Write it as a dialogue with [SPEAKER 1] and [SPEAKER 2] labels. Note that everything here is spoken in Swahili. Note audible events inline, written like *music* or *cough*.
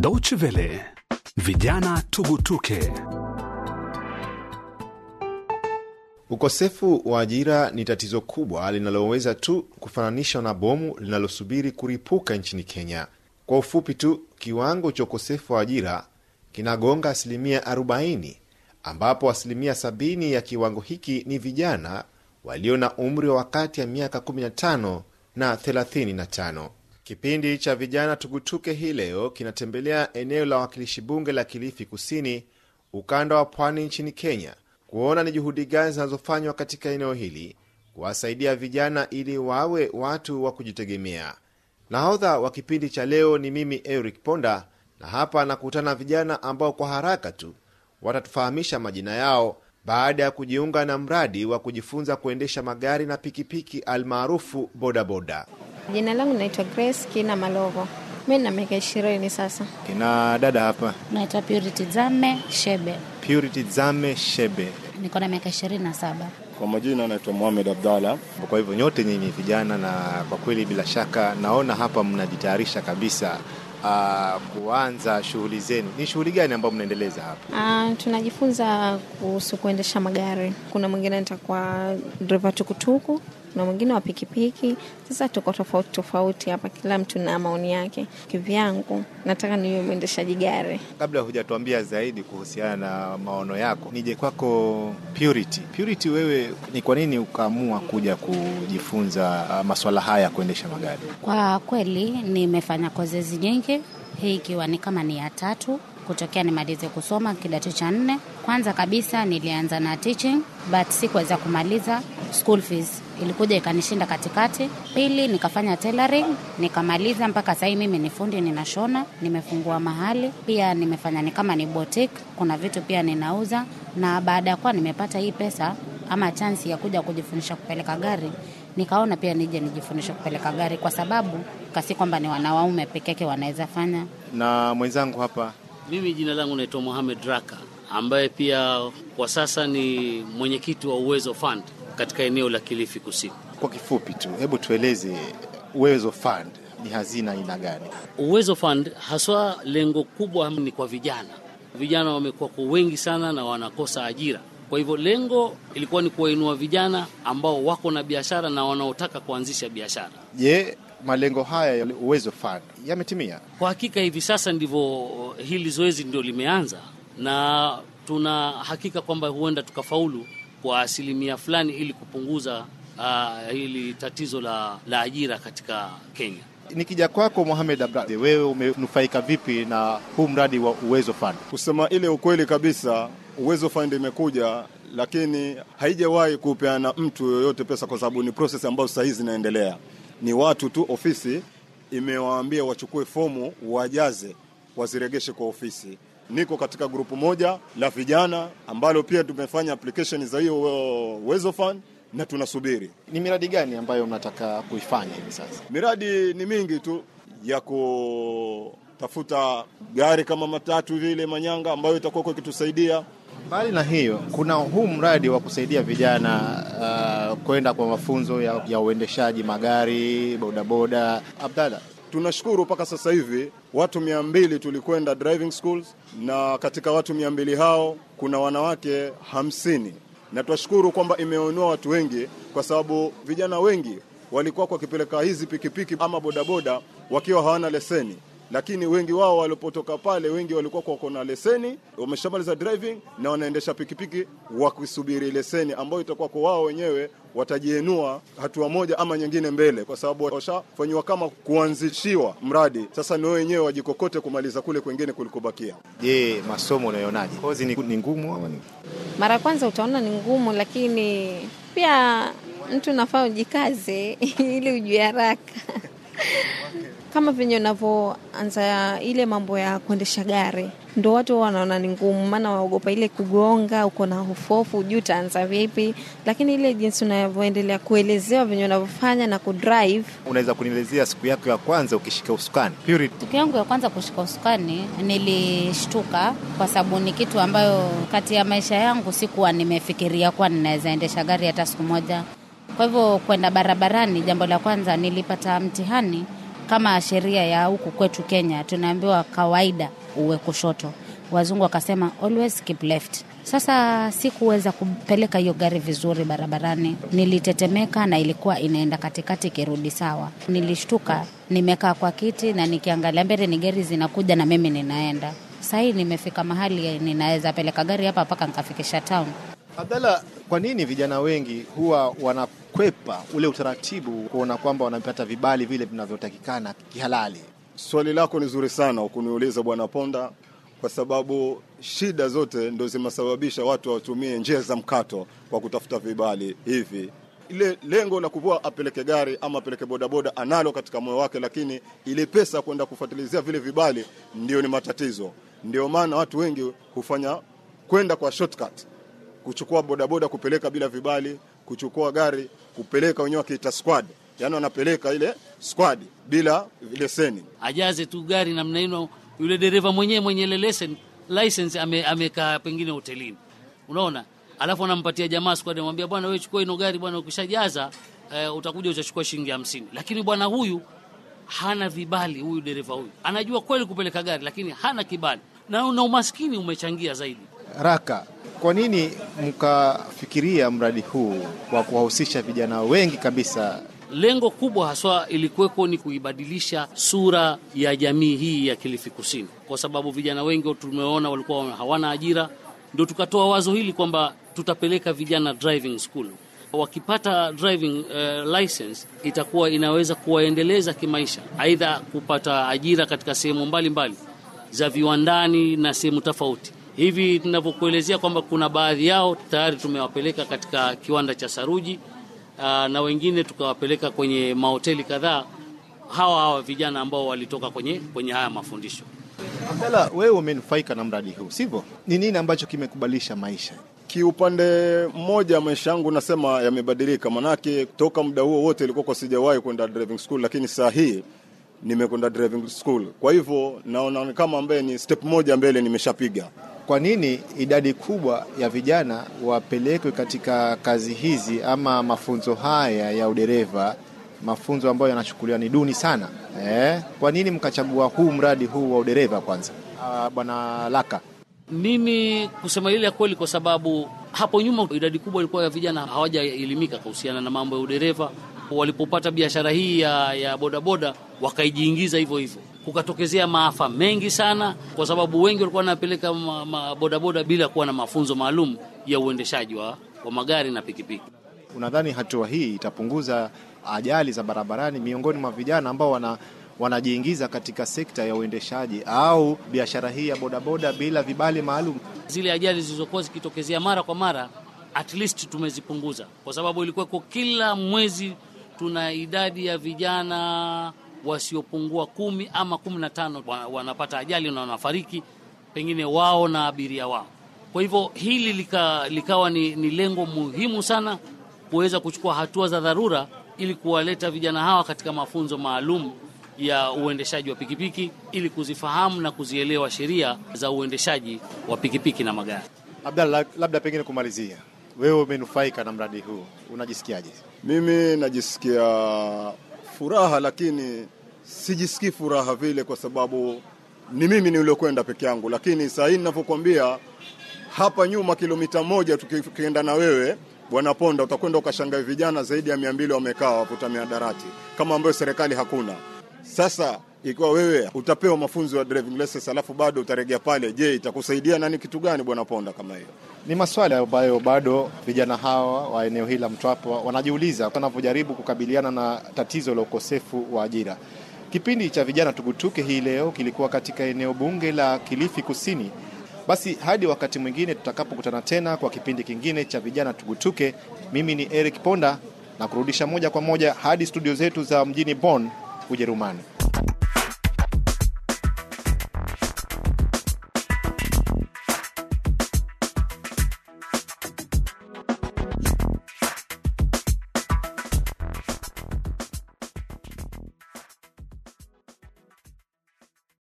[SPEAKER 1] Deutsche Welle, vijana tugutuke. Ukosefu wa ajira ni tatizo kubwa linaloweza tu kufananishwa na bomu linalosubiri kuripuka nchini Kenya. Kwa ufupi tu, kiwango cha ukosefu wa ajira kinagonga asilimia 40, ambapo asilimia 70 ya kiwango hiki ni vijana walio na umri wa kati ya miaka 15 na 35. Kipindi cha vijana tugutuke hii leo kinatembelea eneo la wakilishi bunge la Kilifi Kusini, ukanda wa pwani nchini Kenya, kuona ni juhudi gani zinazofanywa katika eneo hili kuwasaidia vijana ili wawe watu wa kujitegemea. Nahodha wa kipindi cha leo ni mimi Eric Ponda, na hapa nakutana vijana ambao kwa haraka tu watatufahamisha majina yao baada ya kujiunga na mradi wa kujifunza kuendesha magari na pikipiki almaarufu bodaboda.
[SPEAKER 2] Jina langu naitwa Grace Kina Malovo. Mi na miaka ishirini sasa.
[SPEAKER 1] Kina dada hapa
[SPEAKER 2] naitwa Purity Zame Shebe.
[SPEAKER 1] Purity Zame Shebe,
[SPEAKER 2] niko na miaka ishirini na saba.
[SPEAKER 1] Kwa majina naitwa Mohamed Abdalla. Kwa hivyo nyote nyinyi vijana, na kwa kweli bila shaka naona hapa mnajitayarisha kabisa Uh, kuanza shughuli zenu. Ni shughuli gani ambayo mnaendeleza
[SPEAKER 2] hapa? Uh, tunajifunza kuhusu kuendesha magari. Kuna mwingine nitakuwa dereva tukutuku, kuna mwingine wa pikipiki. Sasa tuko tofauti tofauti hapa, kila mtu na maoni yake. Kivyangu nataka niwe mwendeshaji gari.
[SPEAKER 1] Kabla hujatuambia zaidi kuhusiana na maono yako, nije kwako Purity. Purity, wewe ni kwa nini ukaamua kuja kujifunza uh, maswala haya ya kuendesha magari?
[SPEAKER 2] Kwa kweli nimefanya kozezi nyingi, hii ikiwa ni kama ni ya tatu kutokea nimalize kusoma kidato cha nne. Kwanza kabisa nilianza na teaching, but sikuweza kumaliza school fees ilikuja ikanishinda katikati. Pili nikafanya tailoring nikamaliza, mpaka sahii mimi ni fundi, ninashona, nimefungua mahali pia, nimefanya ni kama ni boutique, kuna vitu pia ninauza. Na baada ya kuwa nimepata hii pesa ama chansi ya kuja kujifundisha kupeleka gari, nikaona pia nije nijifundishe kupeleka gari, kwa sababu kasi kwamba ni wanawaume pekeke wanaweza fanya.
[SPEAKER 1] Na mwenzangu hapa, mimi jina langu naitwa Mohamed Raka,
[SPEAKER 3] ambaye pia kwa sasa ni mwenyekiti wa Uwezo Fund katika eneo la Kilifi Kusini.
[SPEAKER 1] Kwa kifupi tu, hebu tueleze Uwezo Fund ni hazina aina gani?
[SPEAKER 3] Uwezo Fund haswa, lengo kubwa ni kwa vijana. Vijana wamekuwa kwa wengi sana na wanakosa ajira. Kwa hivyo lengo ilikuwa ni kuwainua vijana ambao wako na biashara na wanaotaka kuanzisha biashara.
[SPEAKER 1] Je, malengo haya ya Uwezo Fund yametimia?
[SPEAKER 3] Kwa hakika hivi sasa ndivyo, eh, hili zoezi ndio limeanza na tuna hakika kwamba huenda tukafaulu kwa asilimia fulani ili kupunguza uh, hili tatizo la, la ajira katika Kenya.
[SPEAKER 1] Nikija kwako Mohamed Abdi,
[SPEAKER 4] wewe umenufaika vipi na huu mradi wa Uwezo Fund? Kusema ile ukweli kabisa, Uwezo Fund imekuja lakini haijawahi kupeana mtu yoyote pesa, kwa sababu ni process ambayo sasa hizi zinaendelea. Ni watu tu, ofisi imewaambia wachukue fomu, wajaze, waziregeshe kwa ofisi niko katika grupu moja la vijana ambalo pia tumefanya application za hiyo Uwezo Fund na tunasubiri. Ni miradi gani ambayo mnataka kuifanya hivi sasa? Miradi ni mingi tu ya kutafuta gari kama matatu vile manyanga ambayo itakuwa ikitusaidia.
[SPEAKER 1] Mbali na hiyo, kuna huu mradi wa kusaidia vijana uh, kwenda kwa mafunzo ya, ya uendeshaji magari, bodaboda. Abdalla,
[SPEAKER 4] Tunashukuru mpaka sasa hivi watu mia mbili tulikwenda driving schools, na katika watu mia mbili hao kuna wanawake hamsini na twashukuru kwamba imeonua watu wengi, kwa sababu vijana wengi walikuwa wakipeleka hizi pikipiki ama bodaboda wakiwa hawana leseni lakini wengi wao walipotoka pale, wengi walikuwa wako na leseni, wameshamaliza driving na wanaendesha pikipiki wakisubiri leseni ambayo itakuwa kwa wao wenyewe watajienua hatua moja ama nyingine mbele, kwa sababu washafanyiwa kama kuanzishiwa mradi. Sasa ni wao wenyewe wajikokote kumaliza kule kwengine kulikobakia. Je, masomo unayonaje? Kozi ni ngumu ama ni
[SPEAKER 2] mara kwanza? Utaona ni ngumu, lakini pia mtu nafaa ujikaze *laughs* ili ujue haraka kama venye unavyoanza ile mambo ya kuendesha gari, ndo watu wanaona ni ngumu, maana waogopa ile kugonga, uko na hofu, hujui utaanza vipi. Lakini ile jinsi unavyoendelea kuelezewa venye unavyofanya na kudrive.
[SPEAKER 1] Unaweza kunielezea siku yako ya kwanza ukishika usukani?
[SPEAKER 2] Siku yangu ya kwanza kushika usukani nilishtuka, kwa sababu ni kitu ambayo kati ya maisha yangu sikuwa nimefikiria kuwa ninaweza endesha gari hata siku moja. Kwa hivyo kwenda barabarani, jambo la kwanza nilipata mtihani kama sheria ya huku kwetu Kenya tunaambiwa kawaida uwe kushoto, wazungu wakasema always keep left. Sasa sikuweza kupeleka hiyo gari vizuri barabarani, nilitetemeka na ilikuwa inaenda katikati ikirudi sawa. Nilishtuka, nimekaa kwa kiti na nikiangalia mbele, ni gari zinakuja na mimi ninaenda. Sahii nimefika mahali ninaweza peleka gari hapa mpaka nikafikisha town.
[SPEAKER 1] Abdalla, kwa nini vijana wengi huwa wana kukwepa ule
[SPEAKER 4] utaratibu kuona kwamba wanapata vibali vile vinavyotakikana kihalali. Swali lako ni zuri sana kuniuliza Bwana Ponda, kwa sababu shida zote ndo zimesababisha watu watumie njia za mkato kwa kutafuta vibali hivi ile lengo la kuvua apeleke gari ama apeleke bodaboda analo katika moyo wake, lakini ile pesa kwenda kufuatilizia vile vibali ndio ni matatizo. Ndio maana watu wengi hufanya kwenda kwa shortcut, kuchukua bodaboda kupeleka bila vibali, kuchukua gari kupeleka wenyewe wakiita squad, yani wanapeleka ile squad bila leseni.
[SPEAKER 3] Ajaze tu gari namna hino, yule dereva mwenyewe mwenye ile leseni license amekaa ame pengine hotelini, unaona, alafu anampatia jamaa squad, anamwambia bwana, wewe chukua ino gari bwana, ukishajaza eh, utakuja utachukua shilingi hamsini. Lakini bwana huyu hana vibali, huyu dereva huyu anajua kweli kupeleka gari, lakini hana kibali na, na umaskini umechangia zaidi.
[SPEAKER 1] Raka, kwa nini mkafikiria mradi huu wa kuwahusisha vijana wengi kabisa?
[SPEAKER 3] Lengo kubwa haswa ilikuweko ni kuibadilisha sura ya jamii hii ya Kilifi Kusini, kwa sababu vijana wengi tumeona walikuwa hawana ajira. Ndio tukatoa wazo hili kwamba tutapeleka vijana driving school wakipata driving uh, license itakuwa inaweza kuwaendeleza kimaisha, aidha kupata ajira katika sehemu mbalimbali za viwandani na sehemu tofauti. Hivi tunavyokuelezea kwamba kuna baadhi yao tayari tumewapeleka katika kiwanda cha saruji ah, na wengine tukawapeleka kwenye mahoteli kadhaa, hawa hawa vijana ambao walitoka kwenye, kwenye haya mafundisho.
[SPEAKER 4] Abdalla, wewe umenufaika na mradi huu sivyo? Ni nini ambacho kimekubadilisha maisha? Kiupande mmoja maisha yangu nasema yamebadilika, manake toka muda huo wote ilikuwa sijawahi kwenda driving school, lakini saa hii nimekwenda driving school. Kwa hivyo naona kama ambaye ni step moja mbele nimeshapiga. Kwa nini idadi
[SPEAKER 1] kubwa ya vijana wapelekwe katika kazi hizi ama mafunzo haya ya udereva, mafunzo ambayo yanachukuliwa ni duni sana eh? Kwa nini mkachagua huu mradi huu wa udereva kwanza? Ah, Bwana Laka,
[SPEAKER 3] mimi kusema ile ya kweli, kwa sababu hapo nyuma idadi kubwa ilikuwa ya vijana hawajaelimika kuhusiana na mambo ya udereva. Walipopata biashara hii ya, ya bodaboda wakaijiingiza hivyo hivyo kukatokezea maafa mengi sana, kwa sababu wengi walikuwa wanapeleka bodaboda bila kuwa na mafunzo maalum ya uendeshaji wa, wa magari na pikipiki.
[SPEAKER 1] Unadhani hatua hii itapunguza ajali za barabarani miongoni mwa vijana ambao wana wanajiingiza katika sekta ya uendeshaji au biashara hii ya bodaboda bila vibali maalum?
[SPEAKER 3] Zile ajali zilizokuwa zikitokezea mara kwa mara, at least tumezipunguza, kwa sababu ilikuwa kwa kila mwezi tuna idadi ya vijana wasiopungua kumi ama kumi na tano wanapata ajali na wanafariki, pengine wao na abiria wao. Kwa hivyo hili lika, likawa ni, ni lengo muhimu sana kuweza kuchukua hatua za dharura ili kuwaleta vijana hawa katika mafunzo maalum ya uendeshaji wa pikipiki ili kuzifahamu na kuzielewa sheria za uendeshaji wa pikipiki na magari.
[SPEAKER 1] Abdalla, labda pengine kumalizia, wewe umenufaika na mradi huu, unajisikiaje?
[SPEAKER 4] Mimi najisikia furaha, lakini sijisikii furaha vile, kwa sababu ni mimi niliokwenda peke yangu. Lakini saa hii ninavyokuambia hapa nyuma, kilomita moja tukienda na wewe Bwana Ponda, utakwenda ukashangaa vijana zaidi ya mia mbili wamekaa wavuta miadarati kama ambayo serikali hakuna. Sasa ikiwa wewe utapewa mafunzo ya driving lessons alafu bado utaregea pale, je, itakusaidia nani kitu gani, Bwana Ponda, kama hiyo? Ni maswali ambayo bado vijana hawa wa eneo hili la Mtwapa wanajiuliza
[SPEAKER 1] wanapojaribu kukabiliana na tatizo la ukosefu wa ajira. Kipindi cha vijana tugutuke hii leo kilikuwa katika eneo bunge la Kilifi Kusini. Basi hadi wakati mwingine tutakapokutana tena kwa kipindi kingine cha vijana tugutuke, mimi ni Eric Ponda na kurudisha moja kwa moja hadi studio zetu za mjini Bonn, Ujerumani.